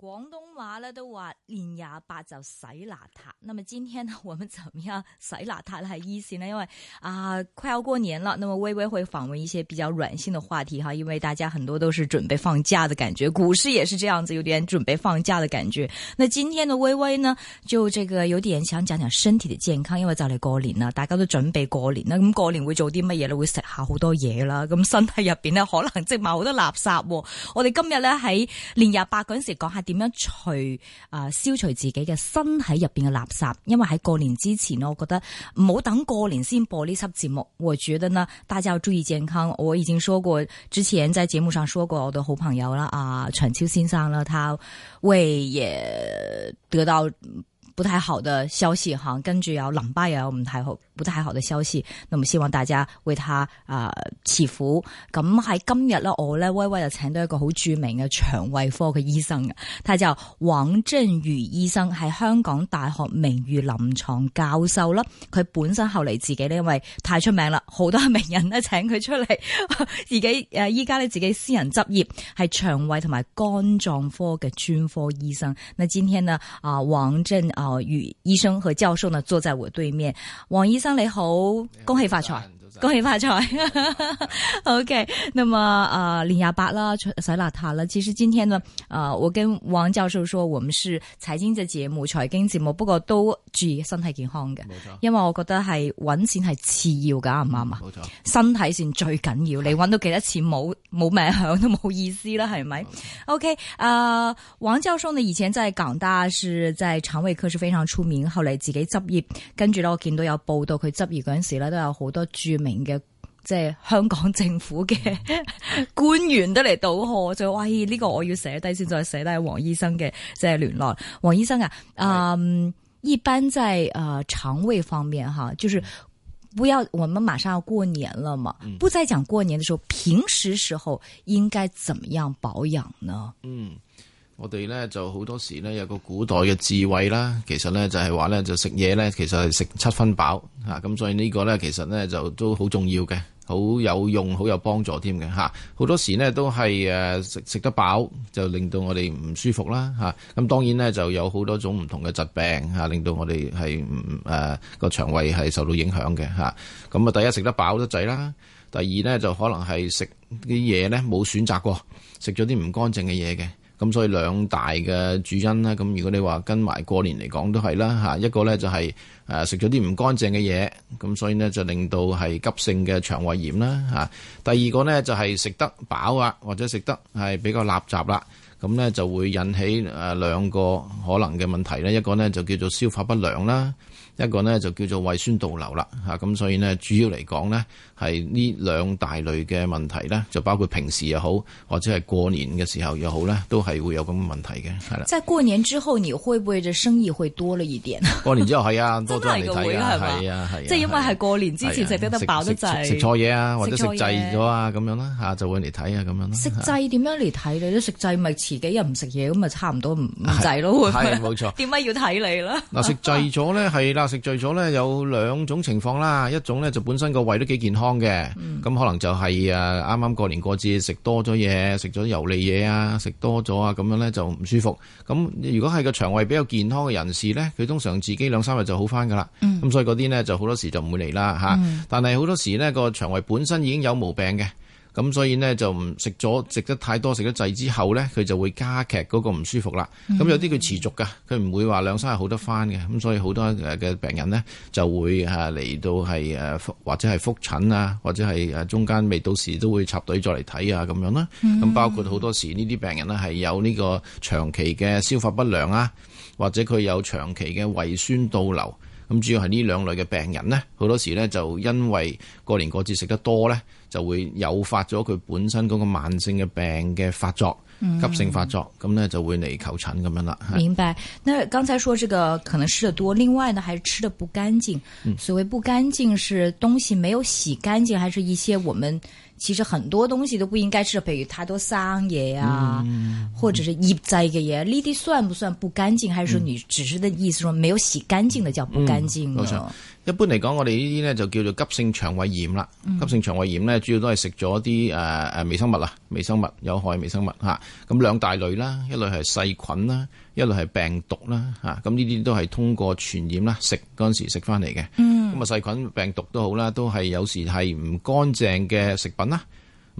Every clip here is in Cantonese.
廣東話咧，都話年廿八就洗邋遢，咁啊，今天呢我們怎麼樣洗邋遢咧，係意思呢？因為啊、呃，快要過年啦，咁微微會訪問一些比較軟性的話題哈，因為大家很多都是準備放假的感覺，股市也是這樣子，有點準備放假的感覺。那今天的微微呢，就這個有點想講講身體的健康，因為就嚟過年啦，大家都準備過年啦，咁過年會做啲乜嘢咧？會食下好多嘢啦，咁身體入邊呢，可能積埋好多垃圾啊。我哋今日咧喺年廿八嗰陣時講下。點樣除啊，消除自己嘅身體入邊嘅垃圾？因為喺過年之前，我覺得唔好等過年先播呢輯節目。我覺得呢，大家要注意健康。我已經說過，之前在節目上說過，我的好朋友啦，啊，長超先生啦，他胃也得到。不太好的消息哈，跟住有淋巴，又有唔太好、不太好的消息。那麼希望大家為他啊、呃、祈福。咁喺今日咧，我咧微微就請到一個好著名嘅腸胃科嘅醫生嘅，佢就王振宇醫生，係香港大學名譽臨床教授啦。佢本身後嚟自己呢，因為太出名啦，好多名人咧請佢出嚟，自己誒，依家咧自己私人執業係腸胃同埋肝臟科嘅專科醫生。那今天呢啊，王振啊。哦，與醫生和教授呢，坐在我對面。王醫生你好，恭喜發財。恭喜發財 ，OK。那麼啊，年廿八啦，洗邋遢啦。其實今天呢，啊、呃，我跟王教授說，我們是財經嘅節目，財經節目，不過都注意身體健康嘅，冇錯，因為我覺得係搵錢係次要噶，啱唔啱啊？冇錯，身體先最緊要。錯你搵到幾多錢冇冇命享都冇意思啦，係咪錯？OK、呃。啊，王教授呢，你以前在港大是，在腸胃科是非常出名，後嚟自己執業，跟住咧，我見到有報道佢執業陣時咧，都有好多著名。嘅即係香港政府嘅、mm hmm. 官員都嚟道賀，就話咦呢個我要寫低先，再寫低王醫生嘅即係聯絡。王醫生啊，mm hmm. 嗯，一般在啊、呃、腸胃方面吓，就是不要，我們馬上要過年了嘛，不再講過年嘅時候，平時時候應該怎麼樣保養呢？嗯、mm。Hmm. 我哋咧就好多時咧有個古代嘅智慧啦，其實咧就係話咧就食嘢咧，其實係食七分飽嚇咁。所以呢個咧其實咧就都好重要嘅，好有用，好有幫助添嘅嚇。好多時呢，都係誒食食得飽就令到我哋唔舒服啦嚇。咁當然咧就有好多種唔同嘅疾病嚇，令到我哋係唔誒個腸胃係受到影響嘅嚇。咁啊，第一食得飽得滯啦，第二咧就可能係食啲嘢咧冇選擇過，食咗啲唔乾淨嘅嘢嘅。咁所以兩大嘅主因咧，咁如果你話跟埋過年嚟講都係啦嚇，一個咧就係誒食咗啲唔乾淨嘅嘢，咁所以呢就令到係急性嘅腸胃炎啦嚇、啊。第二個呢就係食得飽啊，或者食得係比較垃雜啦，咁呢就會引起誒兩個可能嘅問題咧，一個呢就叫做消化不良啦，一個呢就叫做胃酸倒流啦嚇。咁、啊、所以呢，主要嚟講呢。係呢兩大類嘅問題咧，就包括平時又好，或者係過年嘅時候又好咧，都係會有咁嘅問題嘅，係啦。即係過年之後，你會唔會就生意會多咗一點？過年之後係啊，多咗人嚟睇會係嘛？係啊，係。即係因為係過年之前食得得飽得滯，食錯嘢啊，或者食滯咗啊，咁樣啦，吓就會嚟睇啊，咁樣咯。食滯點樣嚟睇？你都食滯咪遲幾日唔食嘢，咁咪差唔多唔滯咯，會係冇錯。點解要睇你啦？嗱，食滯咗咧係啦，食滯咗咧有兩種情況啦，一種咧就本身個胃都幾健康。嘅，咁、嗯、可能就係啊，啱啱過年過節食多咗嘢，食咗油膩嘢啊，食多咗啊，咁樣呢就唔舒服。咁如果係個腸胃比較健康嘅人士呢，佢通常自己兩三日就好翻噶啦。咁、嗯、所以嗰啲呢就好多時就唔會嚟啦吓。嗯、但係好多時呢，個腸胃本身已經有毛病嘅。咁所以呢，就唔食咗食得太多食咗滯之後呢，佢就會加劇嗰個唔舒服啦。咁、mm hmm. 嗯、有啲佢持續㗎，佢唔會話兩三日好得返嘅。咁所以好多嘅病人呢，就會嚇嚟到係誒或者係覆診啊，或者係誒中間未到時都會插隊再嚟睇啊咁樣啦。咁、mm hmm. 包括好多時呢啲病人呢，係有呢個長期嘅消化不良啊，或者佢有長期嘅胃酸倒流。咁主要係呢兩類嘅病人呢，好多時呢，就因為過年過節食得多呢。就會誘發咗佢本身嗰個慢性嘅病嘅發作，嗯、急性發作，咁呢就會嚟求診咁樣啦。明白。那剛才說這個可能吃得多，另外呢，還是吃得不乾淨。嗯、所謂不乾淨是東西沒有洗乾淨，還是一些我們其實很多東西都不應該吃，譬如太多生嘢啊，嗯、或者是醃製嘅嘢，呢啲、嗯、算不算不乾淨？還是你只是的意思，說沒有洗乾淨的叫不乾淨？嗯一般嚟講，我哋呢啲咧就叫做急性腸胃炎啦。嗯、急性腸胃炎咧，主要都係食咗啲誒誒微生物啊，微生物，有害微生物吓。咁、啊、兩大類啦，一類係細菌啦，一類係病毒啦吓。咁呢啲都係通過傳染啦，食嗰陣時食翻嚟嘅。咁啊、嗯，細菌、病毒都好啦，都係有時係唔乾淨嘅食品啦。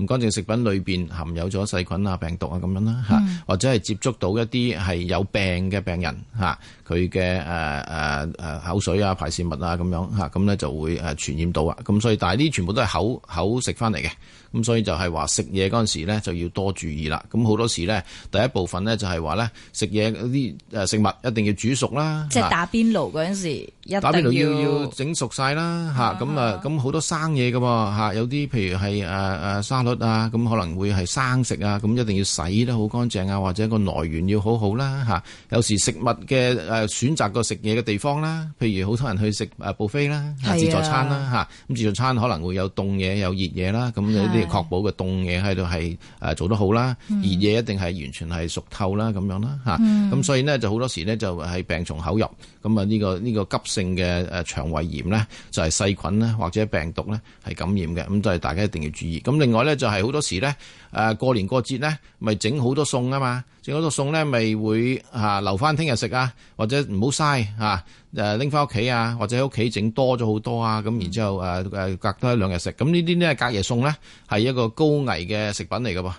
唔乾淨食品裏邊含有咗細菌啊、病毒啊咁樣啦，吓、嗯、或者係接觸到一啲係有病嘅病人，吓佢嘅誒誒誒口水啊、排泄物啊咁樣，吓咁咧就會誒傳染到啊，咁所以但呢啲全部都係口口食翻嚟嘅。咁所以就係話食嘢嗰陣時咧就要多注意啦。咁好多時咧，第一部分咧就係話咧食嘢嗰啲誒食物一定要煮熟啦，即係打邊爐嗰陣時，打邊爐要要整熟晒啦吓。咁啊咁好多生嘢㗎喎吓，有啲譬如係誒誒沙律啊，咁可能會係生食啊，咁一定要洗得好乾淨啊，或者個來源要好好啦吓。有時食物嘅誒選擇個食嘢嘅地方啦，譬如好多人去食誒布菲啦，吓自助餐啦吓，咁自助餐可能會有凍嘢有熱嘢啦，咁有啲。確保嘅凍嘢喺度係誒做得好啦，熱嘢、嗯、一定係完全係熟透啦咁樣啦吓，咁、嗯、所以咧就好多時咧就係病從口入。咁啊，呢個呢個急性嘅誒腸胃炎咧，就係細菌咧或者病毒咧係感染嘅，咁就係大家一定要注意。咁另外咧就係好多時咧誒過年過節咧，咪整好多餸啊嘛，整好多餸咧咪會吓留翻聽日食啊，或者唔好嘥啊，誒拎翻屋企啊，或者喺屋企整多咗好多啊，咁然之後誒誒隔多一兩日食，咁呢啲呢，隔夜餸咧係一個高危嘅食品嚟噶噃。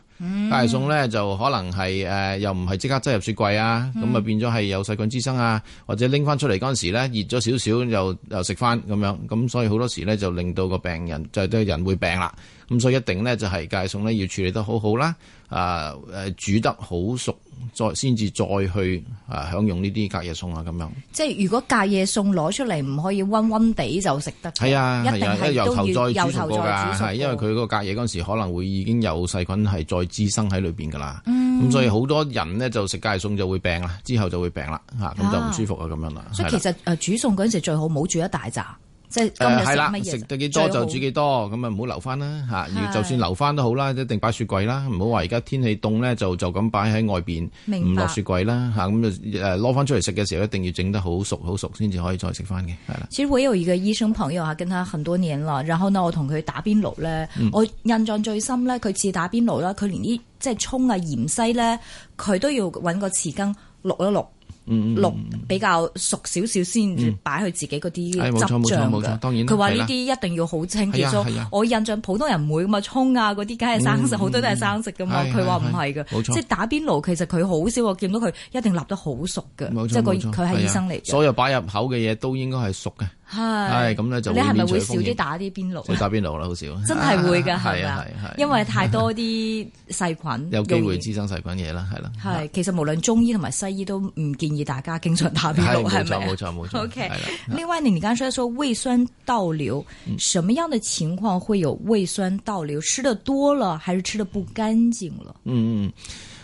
大餸咧就可能係誒又唔係即刻擠入雪櫃啊，咁啊、嗯、變咗係有細菌滋生啊，或者拎翻出嚟嗰陣時咧熱咗少少又又食翻咁樣，咁所以好多時咧就令到個病人就都、係、人會病啦。咁所以一定咧就係隔夜餸咧要處理得好好啦，啊誒煮得好熟，再先至再去啊享用呢啲隔夜餸啊咁樣。即係如果隔夜餸攞出嚟唔可以溫溫地就食得，係啊，一定係由頭再煮熟，再煮熟係因為佢嗰個隔夜嗰陣時可能會已經有細菌係再滋生喺裏邊㗎啦。咁、嗯、所以好多人呢，就食隔夜餸就會病啦，之後就會病啦嚇，咁、啊、就唔舒服啊咁樣啦。所以其實誒煮餸嗰陣時最好冇煮一大扎。即係，係啦，啊，食得幾多就煮幾多，咁啊唔好留翻啦嚇。要的就算留翻都好啦，一定擺雪櫃啦，唔好話而家天氣凍咧，就就咁擺喺外邊，唔落雪櫃啦嚇。咁誒攞翻出嚟食嘅時候，一定要整得好熟好熟，先至可以再食翻嘅，係啦。其實我有一個醫生朋友啊，跟他很多年啦，然後呢，我同佢打邊爐咧，嗯、我印象最深咧，佢似打邊爐啦，佢連啲即係蔥啊、芫茜咧，佢都要揾個匙羹淥一淥。六、嗯、比較熟少少先擺去自己嗰啲汁醬嘅，佢話呢啲一定要好清潔。我印象普通人唔會咁啊沖啊嗰啲，梗係生食，好、嗯、多都係生食噶嘛。佢話唔係嘅，哎哎哎、即係打邊爐，其實佢好少見到佢一定立得好熟嘅，錯即係佢佢係醫生嚟。所有擺入口嘅嘢都應該係熟嘅。係，咁咧就你係咪會少啲打啲邊爐？會打邊爐啦，好少。真係會噶係咪？因為太多啲細菌，有機會滋生細菌嘢啦，係啦。係，其實無論中醫同埋西醫都唔建議大家經常打邊爐，係咪？冇錯冇錯，OK。另外，你剛才說一說胃酸倒流，什麼樣嘅情況會有胃酸倒流？吃得多了還是吃得不乾淨了？嗯嗯。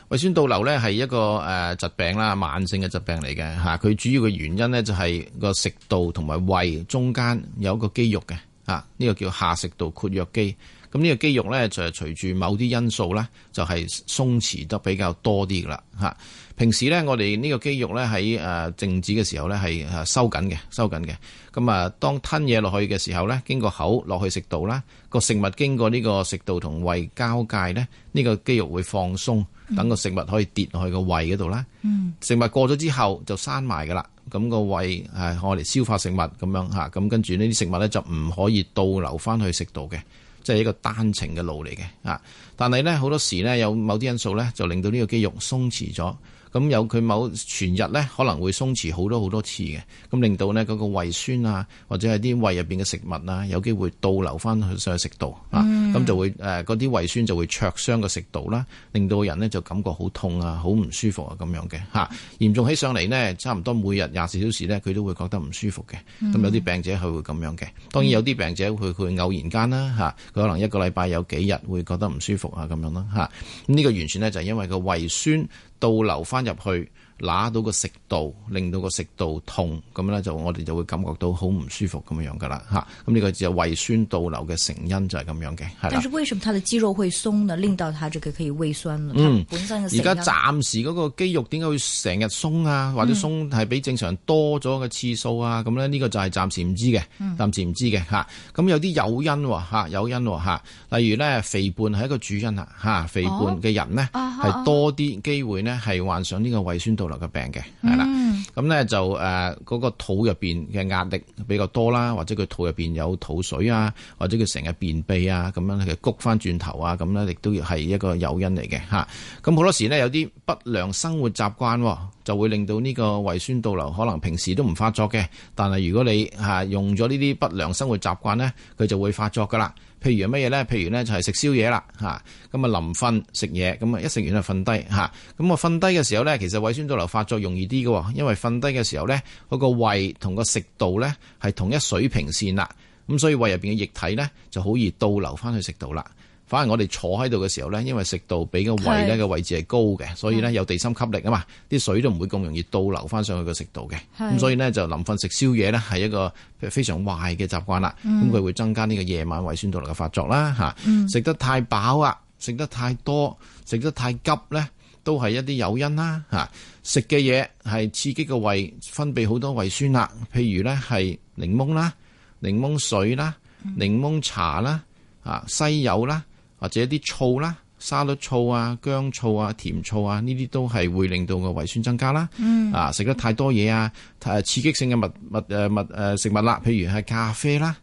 胃酸倒流咧，係一個誒疾病啦，慢性嘅疾病嚟嘅吓。佢主要嘅原因咧就係個食道同埋胃中間有一個肌肉嘅吓，呢個叫下食道括約肌。咁呢個肌肉咧就係隨住某啲因素咧，就係鬆弛得比較多啲噶啦吓。平時咧，我哋呢個肌肉咧喺誒靜止嘅時候咧係誒收緊嘅，收緊嘅。咁啊，當吞嘢落去嘅時候咧，經過口落去食道啦，個食物經過呢個食道同胃交界咧，呢個肌肉會放鬆。等個食物可以跌落去個胃嗰度啦，嗯、食物過咗之後就閂埋噶啦，咁個胃係我嚟消化食物咁樣吓，咁跟住呢啲食物咧就唔可以倒流翻去食道嘅，即係一個單程嘅路嚟嘅啊。但係咧，好多時咧有某啲因素咧，就令到呢個肌肉鬆弛咗。咁有佢某全日咧，可能會鬆弛好多好多次嘅。咁令到呢，嗰個胃酸啊，或者係啲胃入邊嘅食物啊，有機會倒流翻去上去食道，mm hmm. 啊。咁就會誒嗰啲胃酸就會灼傷個食道啦，令到人呢就感覺好痛啊，好唔舒服啊咁樣嘅嚇。嚴重起上嚟呢，差唔多每日廿四小時呢，佢都會覺得唔舒服嘅。咁、mm hmm. 有啲病者佢會咁樣嘅。當然有啲病者佢佢偶然間啦嚇，佢、啊、可能一個禮拜有幾日會覺得唔舒服。啊，咁樣啦，吓，呢個完全咧就係因為個胃酸倒流翻入去。拿到個食道，令到個食道痛，咁咧就我哋就會感覺到好唔舒服咁樣噶啦嚇。咁呢個就胃酸倒流嘅成因就係咁樣嘅。但是為什麼佢嘅肌肉會鬆呢？令到佢這個可以胃酸呢？嗯，而家暫時嗰個肌肉點解會成日鬆啊？或者鬆係比正常多咗個次數啊？咁呢，呢個就係暫時唔知嘅，暫時唔知嘅嚇。咁、嗯啊、有啲誘因喎嚇、啊，誘因喎、啊、例如呢，肥胖係一個主因啊嚇，肥胖嘅人呢，係、哦啊、多啲機會呢，係患上呢個胃酸倒。個病嘅係啦，咁咧、嗯嗯嗯、就誒，嗰、啊嗰個肚入邊嘅壓力比較多啦，或者佢肚入邊有肚水啊，或者佢成日便秘啊，咁樣佢焗翻轉頭啊，咁咧亦都要係一個誘因嚟嘅吓。咁好多時呢，有啲不良生活習慣、啊，就會令到呢個胃酸倒流可能平時都唔發作嘅，但係如果你吓、啊、用咗呢啲不良生活習慣呢，佢就會發作噶啦。譬如係乜嘢咧？譬如咧就係食宵夜啦，吓咁啊臨瞓食嘢，咁啊一食完就瞓低，吓咁啊瞓低嘅時候咧，其實胃酸倒流發作容易啲嘅，因為瞓低嘅時候咧，嗰個胃同個食道咧係同一水平線啦，咁所以胃入邊嘅液體咧就好易倒流翻去食道啦。反而我哋坐喺度嘅時候呢，因為食道比個胃呢個位置係高嘅，是所以呢有地心吸力啊嘛，啲水都唔會咁容易倒流翻上去個食道嘅。咁是所以呢，就臨瞓食宵夜呢係一個非常壞嘅習慣啦。咁佢、嗯、會增加呢個夜晚胃酸倒流嘅發作啦嚇。食、嗯、得太飽啊，食得太多，食得太急呢都係一啲誘因啦嚇。食嘅嘢係刺激個胃分泌好多胃酸啦，譬如呢係檸檬啦、檸檬水啦、檸檬茶啦、啊西柚啦。或者一啲醋啦，沙律醋啊、薑醋啊、甜醋啊，呢啲都係會令到個胃酸增加啦。嗯、啊，食得太多嘢啊，誒刺激性嘅物物誒物誒食物啦，譬如係咖啡啦、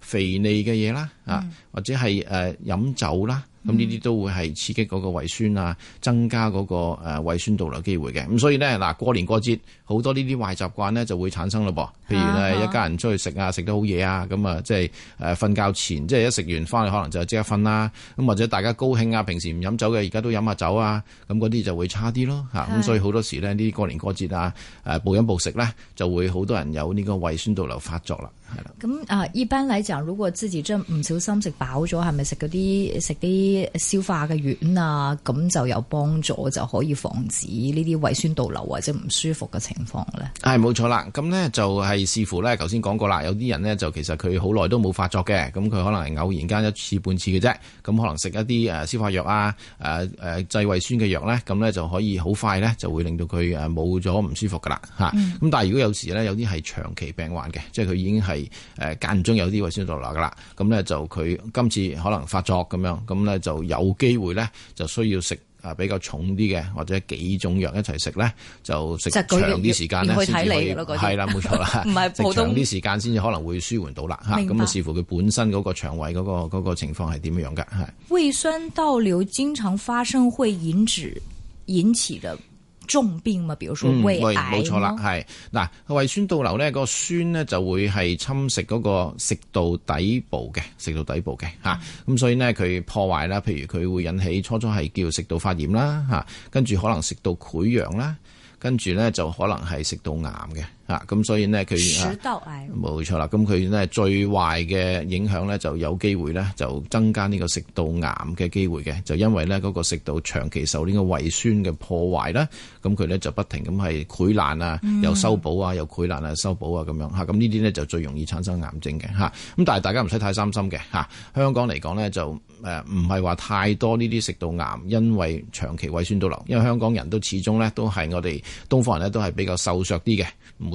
肥膩嘅嘢啦啊，或者係誒飲酒啦。咁呢啲都會係刺激嗰個胃酸啊，增加嗰個胃酸倒流機會嘅。咁所以呢，嗱，過年過節好多呢啲壞習慣呢就會產生嘞噃。譬如啊，一家人出去食啊，食得好嘢啊，咁啊即係誒瞓覺前即係一食完翻去，可能就即刻瞓啦。咁或者大家高興啊，平時唔飲酒嘅而家都飲下酒啊，咁嗰啲就會差啲咯嚇。咁所以好多時呢，呢啲過年過節啊誒暴飲暴食呢，就會好多人有呢個胃酸倒流發作啦。係啦。咁啊，一般嚟講，如果自己真唔小心食飽咗，係咪食嗰啲食啲？消化嘅丸啊，咁就有幫助，就可以防止呢啲胃酸倒流或者唔舒服嘅情況咧。係冇錯啦，咁呢就係視乎呢頭先講過啦，有啲人呢，就其實佢好耐都冇發作嘅，咁佢可能係偶然間一次半次嘅啫。咁可能食一啲誒消化藥啊，誒、啊、誒、啊、制胃酸嘅藥呢，咁呢就可以好快呢，就會令到佢誒冇咗唔舒服噶啦吓。咁、嗯、但係如果有時呢，有啲係長期病患嘅，即係佢已經係誒間中有啲胃酸倒流噶啦，咁呢，就佢今次可能發作咁樣，咁咧。就有機會咧，就需要食啊比較重啲嘅，或者幾種藥一齊食咧，就食長啲時間咧去睇你，可以，係啦，冇錯啦，唔係 普通長啲時間先至可能會舒緩到啦。嚇白，咁啊就視乎佢本身嗰個腸胃嗰、嗰個嗰個情況係點樣噶？係胃酸倒流經常發生會引致引起的。重病嘛，比如說胃癌，冇錯啦，係嗱、嗯，胃酸倒流咧，個酸咧就會係侵蝕嗰個食道底部嘅，食道底部嘅吓，咁、嗯啊、所以呢，佢破壞啦，譬如佢會引起初初係叫食道發炎啦吓、啊啊，跟住可能食道潰瘍啦、啊，跟住咧就可能係食道癌嘅。啊，咁所以呢，佢冇錯啦，咁佢呢最壞嘅影響呢，就有機會呢，就增加呢個食道癌嘅機會嘅，就因為呢，嗰個食道長期受呢個胃酸嘅破壞啦，咁、啊、佢呢，就不停咁係潰爛啊，又修補啊，又潰爛啊，修補啊咁樣吓，咁呢啲呢，就最容易產生癌症嘅吓。咁、啊、但係大家唔使太擔心嘅吓、啊，香港嚟講呢，就誒唔係話太多呢啲食道癌，因為長期胃酸倒流，因為香港人都始終呢，都係我哋東方人呢，都係比較瘦削啲嘅。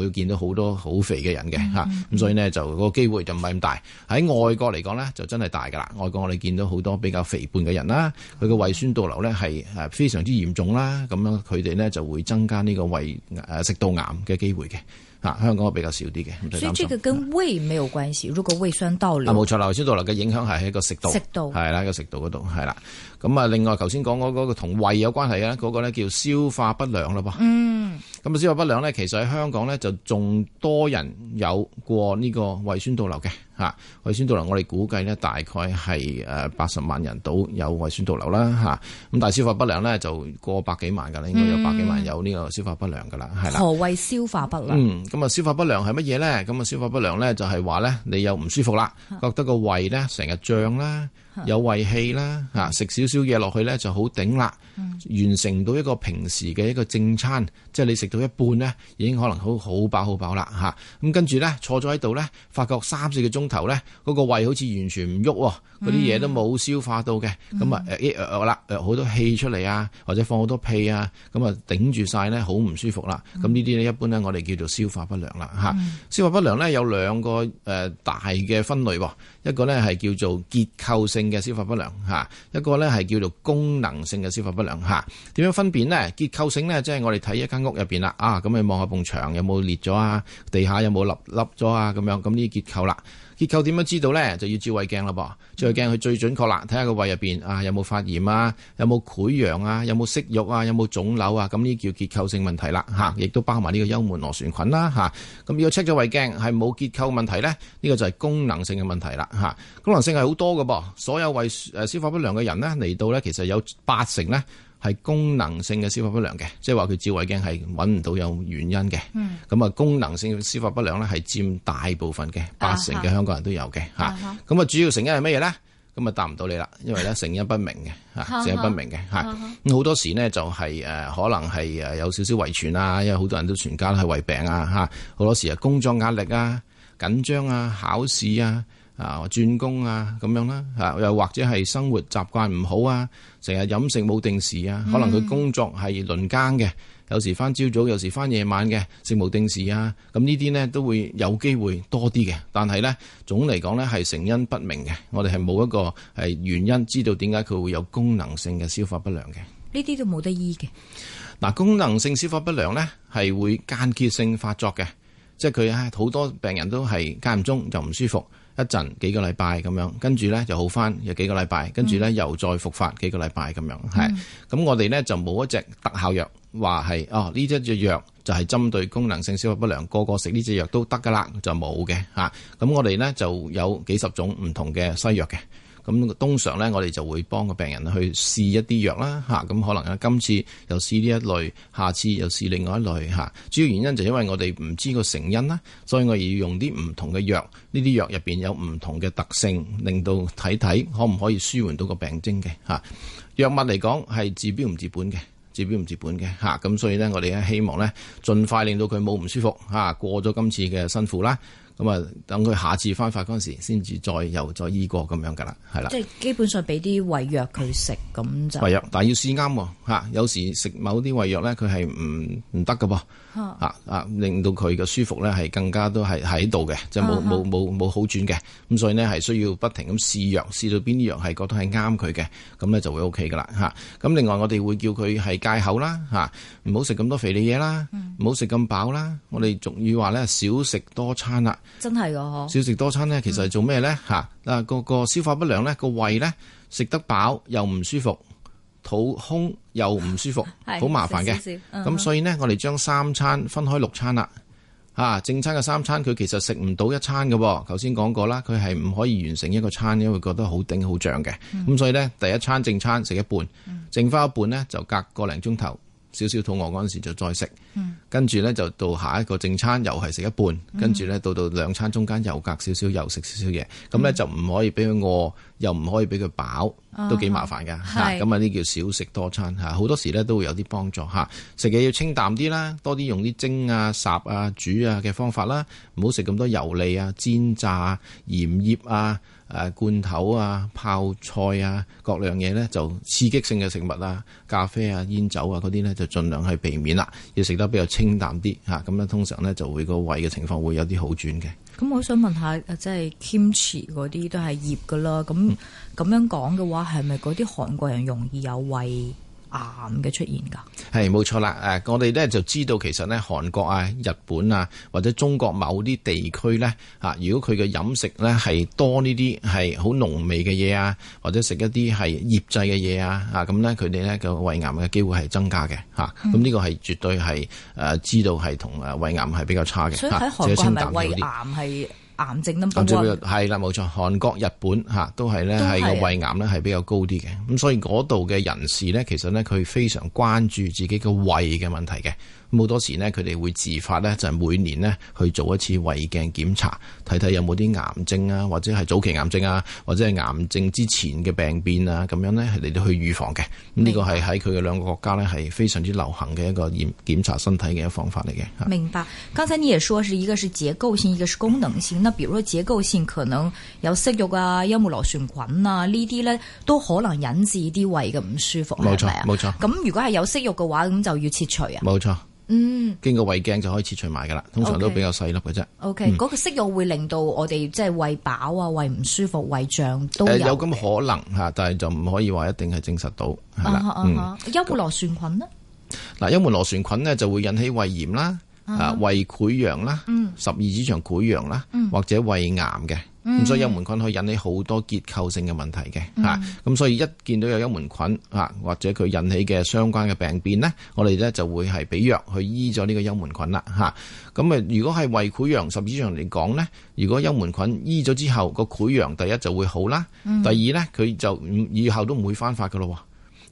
會見到好多好肥嘅人嘅吓，咁、嗯嗯、所以呢，就個機會就唔係咁大，喺外國嚟講呢，就真係大噶啦。外國我哋見到好多比較肥胖嘅人啦，佢嘅胃酸倒流呢係誒非常之嚴重啦。咁樣佢哋呢就會增加呢個胃誒、呃、食道癌嘅機會嘅。啊，香港係比較少啲嘅，所以呢個跟胃沒有關係。如果胃酸倒流，啊冇錯，胃酸倒流嘅影響係喺個食道，食道係啦，喺個食道嗰度係啦。咁啊，另外頭先講嗰個同胃有關係嘅嗰、嗰個咧叫消化不良啦噃。嗯，咁啊消化不良咧，其實喺香港咧就仲多人有過呢個胃酸倒流嘅。啊！胃酸倒流，我哋估計咧大概係誒八十萬人到有胃酸倒流啦嚇。咁但係消化不良咧就過百幾萬㗎啦，應該有百幾萬有呢個消化不良㗎啦，係啦、嗯。的何謂消化不良？咁啊、嗯、消化不良係乜嘢咧？咁啊消化不良咧就係話咧你又唔舒服啦，覺得個胃咧成日脹啦。有胃氣啦，嚇食少少嘢落去呢就好頂啦，完成到一個平時嘅一個正餐，即、就、係、是、你食到一半呢已經可能好好飽好飽啦嚇。咁、啊、跟住呢，坐咗喺度呢，發覺三四個鐘頭呢，嗰、那個胃好似完全唔喐，嗰啲嘢都冇消化到嘅。咁啊誒誒啦，好、呃呃呃呃、多氣出嚟啊，或者放好多屁啊，咁啊頂住晒呢，好唔舒服啦。咁呢啲呢，一般呢，我哋叫做消化不良啦嚇。啊嗯、消化不良呢，有兩個誒大嘅分類喎，一個呢係叫做結構性嘅消化不良吓，一個咧係叫做功能性嘅消化不良吓。點樣分辨咧？結構性咧，即係我哋睇一間屋入邊啦。啊，咁你望下埲牆有冇裂咗啊？地下有冇凹凹咗啊？咁樣，咁呢啲結構啦。結構點樣知道咧？就要照胃鏡啦噃，照胃鏡佢最準確啦，睇下個胃入邊啊有冇發炎啊，有冇潰瘍啊，有冇息肉啊，有冇腫瘤啊，咁呢叫結構性問題啦，吓，亦都包埋呢個幽門螺旋菌啦，吓，咁要 check 咗胃鏡係冇結構問題咧，呢個就係功能性嘅問題啦，吓，功能性係好多噶噃，所有胃誒消化不良嘅人呢，嚟到咧，其實有八成咧。係功能性嘅消化不良嘅，即係話佢照胃鏡係揾唔到有原因嘅。咁啊、嗯，功能性嘅消化不良咧係佔大部分嘅，啊、八成嘅香港人都有嘅嚇。咁啊，啊主要成因係乜嘢咧？咁啊，答唔到你啦，因為咧成因不明嘅嚇，啊啊、成因不明嘅嚇。咁好、啊啊、多時呢，就係誒，可能係誒有少少遺傳啊，因為好多人都全家都係胃病啊嚇。好多時啊，工作壓力啊、緊張啊、考試啊。啊，轉工啊，咁樣啦嚇、啊，又或者係生活習慣唔好啊，成日飲食冇定時啊，嗯、可能佢工作係輪更嘅，有時翻朝早，有時翻夜晚嘅，食冇定時啊，咁、啊、呢啲呢都會有機會多啲嘅。但係呢，總嚟講呢係成因不明嘅，我哋係冇一個係原因知道點解佢會有功能性嘅消化不良嘅。呢啲都冇得醫嘅嗱。功能性消化不良呢係會間歇性發作嘅，即係佢好多病人都係間唔中就唔舒服。一陣幾個禮拜咁樣，跟住呢就好翻，又幾個禮拜，跟住、嗯、呢又再復發幾個禮拜咁樣，係咁我哋呢就冇一隻特效藥，話係哦，呢隻藥就係針對功能性消化不良，個個食呢隻藥都得噶啦，就冇嘅吓。咁我哋呢就有幾十種唔同嘅西藥嘅。咁通常呢，我哋就會幫個病人去試一啲藥啦，嚇、啊、咁可能咧今次又試呢一類，下次又試另外一類嚇、啊。主要原因就因為我哋唔知個成因啦，所以我哋要用啲唔同嘅藥。呢啲藥入邊有唔同嘅特性，令到睇睇可唔可以舒緩到個病徵嘅嚇。藥、啊、物嚟講係治標唔治本嘅，治標唔治本嘅嚇。咁、啊、所以呢，我哋希望呢，盡快令到佢冇唔舒服嚇、啊，過咗今次嘅辛苦啦。咁啊，等佢下次翻發嗰陣時，先至再又再醫過咁樣噶啦，係啦。即係基本上俾啲胃藥佢食咁就。胃藥，但係要試啱喎、啊，有時食某啲胃藥咧，佢係唔唔得噶噃，嚇嚇，令到佢嘅舒服咧係更加都係喺度嘅，即係冇冇冇冇好轉嘅。咁所以呢，係需要不停咁試藥，試到邊啲藥係覺得係啱佢嘅，咁咧就會 OK 噶啦，嚇、啊！咁、啊、另外我哋會叫佢係戒口啦，嚇、啊，唔好食咁多肥膩嘢啦，唔好食咁飽啦、嗯，我哋俗語話咧少，少食多餐啦。真係噶少食多餐呢，其實係做咩呢？吓嗱、嗯啊，個個消化不良呢，個胃呢，食得飽又唔舒服，肚空又唔舒服，好、啊、麻煩嘅。咁、嗯、所以呢，我哋將三餐分開六餐啦。吓、啊，正餐嘅三餐佢其實食唔到一餐嘅、哦，頭先講過啦，佢係唔可以完成一個餐，因為覺得好頂好脹嘅。咁、嗯、所以呢，第一餐正餐食一半，剩翻一半呢，就隔個零鐘頭。少少肚餓嗰陣時就再食，跟住咧就到下一個正餐又係食一半，跟住咧到到兩餐中間又隔少少又食少少嘢，咁咧、嗯、就唔可以俾佢餓，又唔可以俾佢飽。都幾麻煩噶，咁啊呢叫少食多餐吓，好多時咧都會有啲幫助吓。食嘢要清淡啲啦，多啲用啲蒸啊、烚啊、煮啊嘅、啊、方法啦，唔好食咁多油膩啊、煎炸、啊、鹽醃啊、誒罐頭啊、泡菜啊各樣嘢咧就刺激性嘅食物啦、咖啡啊、煙酒啊嗰啲咧就盡量去避免啦，要食得比較清淡啲吓，咁咧通常咧就會個胃嘅情況會有啲好轉嘅。咁我、嗯、想問下，即、就、係、是、Kimchi 嗰啲都係醃㗎啦，咁咁樣講嘅話，係咪嗰啲韓國人容易有胃癌嘅出現㗎，係冇錯啦。誒，我哋咧就知道其實咧，韓國啊、日本啊，或者中國某啲地區咧，啊，如果佢嘅飲食咧係多呢啲係好濃味嘅嘢啊，或者食一啲係醃製嘅嘢啊，啊咁咧，佢哋咧個胃癌嘅機會係增加嘅，嚇、嗯。咁呢個係絕對係誒知道係同誒胃癌係比較差嘅。所以喺韓國咪胃癌係。啊癌症都冇。係啦，冇錯，韓國、日本吓都係咧，係個胃癌咧係比較高啲嘅。咁所以嗰度嘅人士咧，其實咧佢非常關注自己嘅胃嘅問題嘅。咁好多時呢，佢哋會自發呢，就係每年呢去做一次胃鏡檢查，睇睇有冇啲癌症啊，或者係早期癌症啊，或者係癌症之前嘅病變啊，咁樣呢，係嚟到去預防嘅。咁呢個係喺佢嘅兩個國家呢，係非常之流行嘅一個檢檢查身體嘅方法嚟嘅。明白。是。剛才你也說是一個是結構性，一個是功能性。那比如說結構性可能有息肉啊，幽門螺旋菌啊呢啲呢，都可能引致啲胃嘅唔舒服，冇錯，係咪啊？冇錯。咁如果係有息肉嘅話，咁就要切除啊。冇錯。嗯，經過胃鏡就可以切除埋噶啦，通常都比較細粒嘅啫。OK，嗰個息肉會令到我哋即係胃飽啊，胃唔舒服、胃脹都有。咁可能吓，但係就唔可以話一定係證實到幽門螺旋菌呢？嗱，幽門螺旋菌呢就會引起胃炎啦，uh、huh, 啊，胃潰瘍啦，十二指腸潰瘍啦，uh、huh, 或者胃癌嘅。咁所以幽門菌可以引起好多結構性嘅問題嘅吓，咁、嗯啊、所以一見到有幽門菌啊，或者佢引起嘅相關嘅病變呢，我哋呢就會係俾藥去醫咗呢個幽門菌啦吓。咁啊如，如果係胃潰瘍，實際上嚟講呢，如果幽門菌醫咗之後，個潰瘍第一就會好啦，第二呢，佢就以後都唔會翻發噶咯，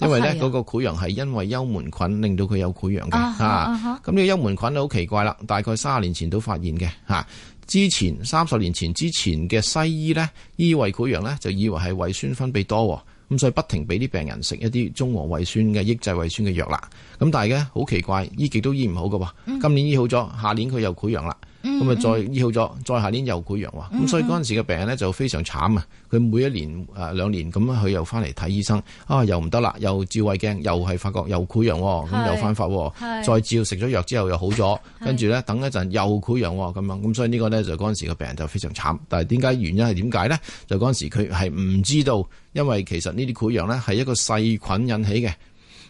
因為呢嗰、啊啊、個潰瘍係因為幽門菌令到佢有潰瘍嘅吓。咁、啊、呢、啊啊啊、個幽門菌好奇怪啦，大概三十年前都發現嘅吓。啊之前，三十年前之前嘅西醫呢，醫胃潰瘍呢，就以為係胃酸分泌多，咁所以不停俾啲病人食一啲中和胃酸嘅抑制胃酸嘅藥啦。咁但係呢，好奇怪，醫極都醫唔好㗎喎。嗯、今年醫好咗，下年佢又潰瘍啦。咁啊，嗯嗯、再醫好咗，再下年又潰瘍喎。咁、嗯、所以嗰陣時嘅病人咧就非常慘啊！佢、嗯、每一年誒兩、呃、年咁，佢又翻嚟睇醫生，啊又唔得啦，又照胃鏡，又係發覺又潰瘍，咁是又翻發，是再照食咗藥之後又好咗，跟住咧等一陣又潰瘍，咁樣咁所以呢個呢，就嗰、是、陣時嘅病人就非常慘。但係點解，原因係點解呢？就嗰陣時佢係唔知道，因為其實呢啲潰瘍呢係一個細菌引起嘅。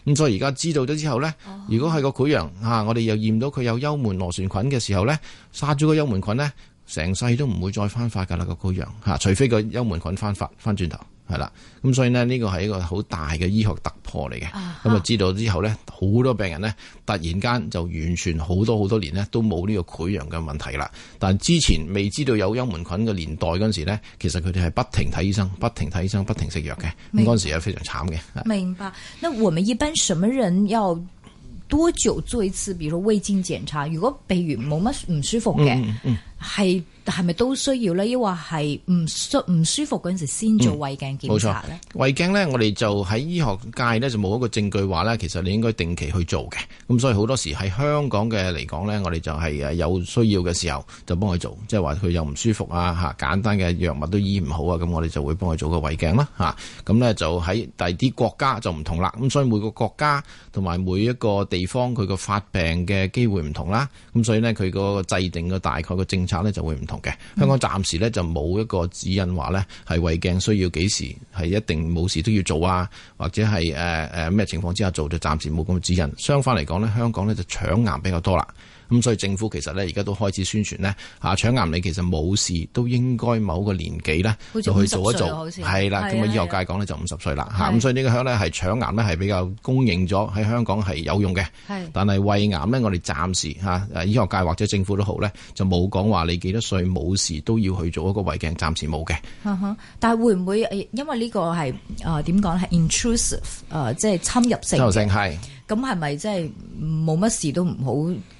咁、嗯、所以而家知道咗之後咧，如果係個潰瘍吓，我哋又驗到佢有幽門螺旋菌嘅時候咧，殺咗個幽門菌咧，成世都唔會再翻發噶啦個潰瘍吓，除非個幽門菌翻發翻轉頭。係啦，咁所以呢，呢個係一個好大嘅醫學突破嚟嘅。咁啊哈，知道之後呢，好多病人呢，突然間就完全好多好多年呢都冇呢個潰瘍嘅問題啦。但之前未知道有幽門菌嘅年代嗰陣時呢，其實佢哋係不停睇醫生、不停睇醫生、不停食藥嘅。嗰陣白時係非常慘嘅。明白。那我們一般什麼人要多久做一次，比如說胃鏡檢查？如果譬如冇乜唔舒服嘅？嗯嗯係係咪都需要呢？抑或係唔舒唔舒服嗰陣時先做胃鏡檢查呢？冇錯，胃鏡呢，我哋就喺醫學界呢，就冇一個證據話呢，其實你應該定期去做嘅。咁所以好多時喺香港嘅嚟講呢，我哋就係誒有需要嘅時候就幫佢做，即係話佢又唔舒服啊吓，簡單嘅藥物都醫唔好啊，咁我哋就會幫佢做個胃鏡啦吓。咁呢就喺第啲國家就唔同啦。咁所以每個國家同埋每一個地方佢個發病嘅機會唔同啦。咁所以呢，佢個制定嘅大概個政策查咧就會唔同嘅，嗯、香港暫時咧就冇一個指引話咧係胃鏡需要幾時，係一定冇事都要做啊，或者係誒誒咩情況之下做，就暫時冇咁嘅指引。相反嚟講咧，香港咧就腸癌比較多啦。咁所以政府其實咧，而家都開始宣傳呢，嚇腸癌你其實冇事，都應該某個年紀呢，就去做一做，係啦的。咁啊醫學界講呢，就五十歲啦，嚇。咁所以呢個香咧係腸癌呢，係比較公認咗喺香港係有用嘅。是的 但係胃癌呢，我哋暫時嚇誒醫學界或者政府都好呢，就冇講話你幾多歲冇事都要去做一個胃鏡，暫時冇嘅、嗯。但係會唔會？因為呢個係誒點、呃、講係 intrusive 即、呃、係、就是、侵入性。侵入性係。咁係咪即係冇乜事都唔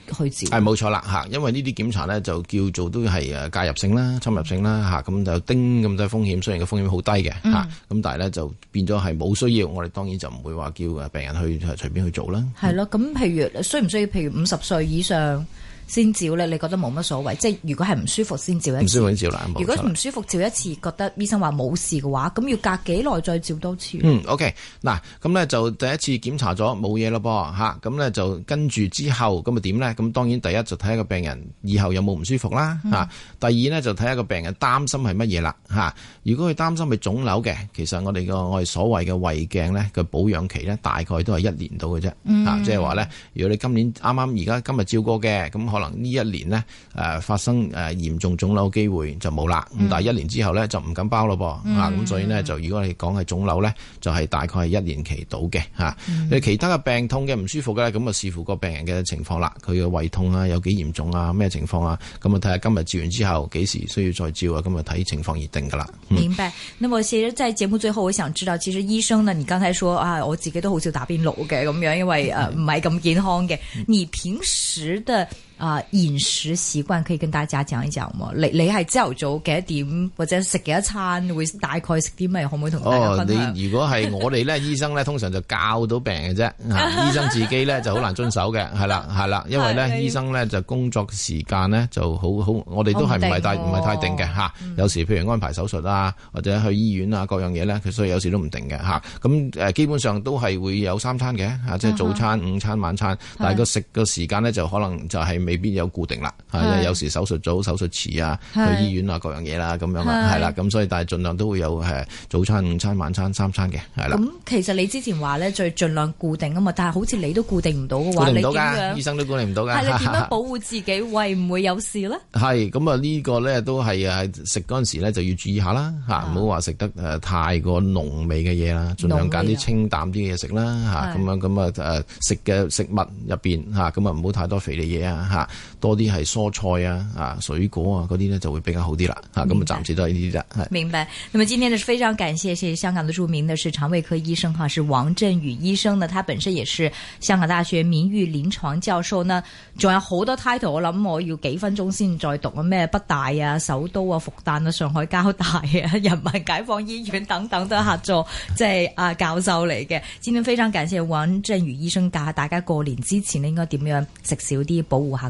好去治？係冇錯啦，吓，因為呢啲檢查咧就叫做都係誒介入性啦、侵入性啦，吓、嗯，咁就叮咁多風險，雖然個風險好低嘅，吓，咁、嗯、但係咧就變咗係冇需要，我哋當然就唔會話叫誒病人去係隨便去做啦。係、嗯、咯，咁譬如需唔需要？譬如五十歲以上，先照咧，你覺得冇乜所謂，即係如果係唔舒服先照一次。唔舒服照喇，如果唔舒服照一次，覺得醫生話冇事嘅話，咁要隔幾耐再照多次？嗯，OK，嗱，咁咧就第一次檢查咗冇嘢咯噃吓，咁咧、啊、就跟住之後咁啊點咧？咁當然第一就睇下個病人以後有冇唔舒服啦嚇，啊嗯、第二咧就睇下個病人擔心係乜嘢啦吓，如果佢擔心係腫瘤嘅，其實我哋個我哋所謂嘅胃鏡咧嘅保養期咧大概都係一年到嘅啫，即係話咧，如果你今年啱啱而家今日照過嘅咁可能呢一年呢誒、呃、發生誒嚴、呃、重腫瘤嘅機會就冇啦，咁、mm hmm. 但係一年之後呢就唔敢包咯噃咁、mm hmm. 啊、所以呢，就如果你講係腫瘤呢，就係、是、大概係一年期到嘅吓。你、啊 mm hmm. 其他嘅病痛嘅唔舒服嘅咁啊視乎個病人嘅情況啦，佢嘅胃痛啊有幾嚴重啊咩情況啊，咁啊睇下今日治完之後幾時需要再照啊，咁啊睇情況而定噶啦。明白。嗯、那麼其實，在節目最後，我想知道，其實醫生呢，你剛才說啊，我自己都好少打邊爐嘅咁樣，因為誒唔係咁健康嘅，你平時嘅？啊！飲食習慣可以跟大家講一講喎，你你係朝頭早幾多點或者食幾多餐，會大概食啲咩？可唔可以同大家分享？哦，oh, 你如果係我哋咧， 醫生咧，通常就教到病嘅啫。嚇， 醫生自己咧就好難遵守嘅，係啦， 係啦，因為咧，的醫生咧就工作時間咧就好好，我哋都係唔係太唔係太定嘅嚇、啊。有時譬如安排手術啊，或者去醫院啊，各樣嘢咧，所以有時都唔定嘅嚇。咁誒，基本上都係會有三餐嘅嚇，即係早餐、午餐、晚餐。但係個食嘅時間咧，就可能就係，未必有固定啦，啊，有時手術早，手術遲啊，去醫院啊，各樣嘢啦，咁樣啊，係啦，咁所以但係盡量都會有誒早餐、午餐、晚餐、三餐嘅，係啦。咁其實你之前話咧，最盡量固定啊嘛，但係好似你都固定唔到嘅話，你點樣？醫生都管理唔到噶。係你點樣保護自己，喂，唔會有事咧？係咁啊，呢個咧都係啊，食嗰陣時咧就要注意下啦，吓，唔好話食得誒太過濃味嘅嘢啦，盡量揀啲清淡啲嘅嘢食啦，吓，咁樣咁啊誒食嘅食物入邊吓，咁啊唔好太多肥膩嘢啊，吓。啊、多啲係蔬菜啊，啊水果啊，嗰啲呢就會比較好啲啦。吓啊，咁啊暫時都係呢啲啦。係明白。咁啊，今天呢非常感謝，謝謝香港的著名嘅是腸胃科醫生哈，是王振宇醫生呢。他本身也是香港大學名譽臨床教授呢。呢仲有好多 title，我諗我要幾分鐘先再讀啊。咩北大啊、首都啊、復旦啊、上海交大啊、人民解放醫院等等都合作，即係啊教授嚟嘅。今天非常感謝王振宇醫生教下大家過年之前咧應該點樣食少啲，保護下。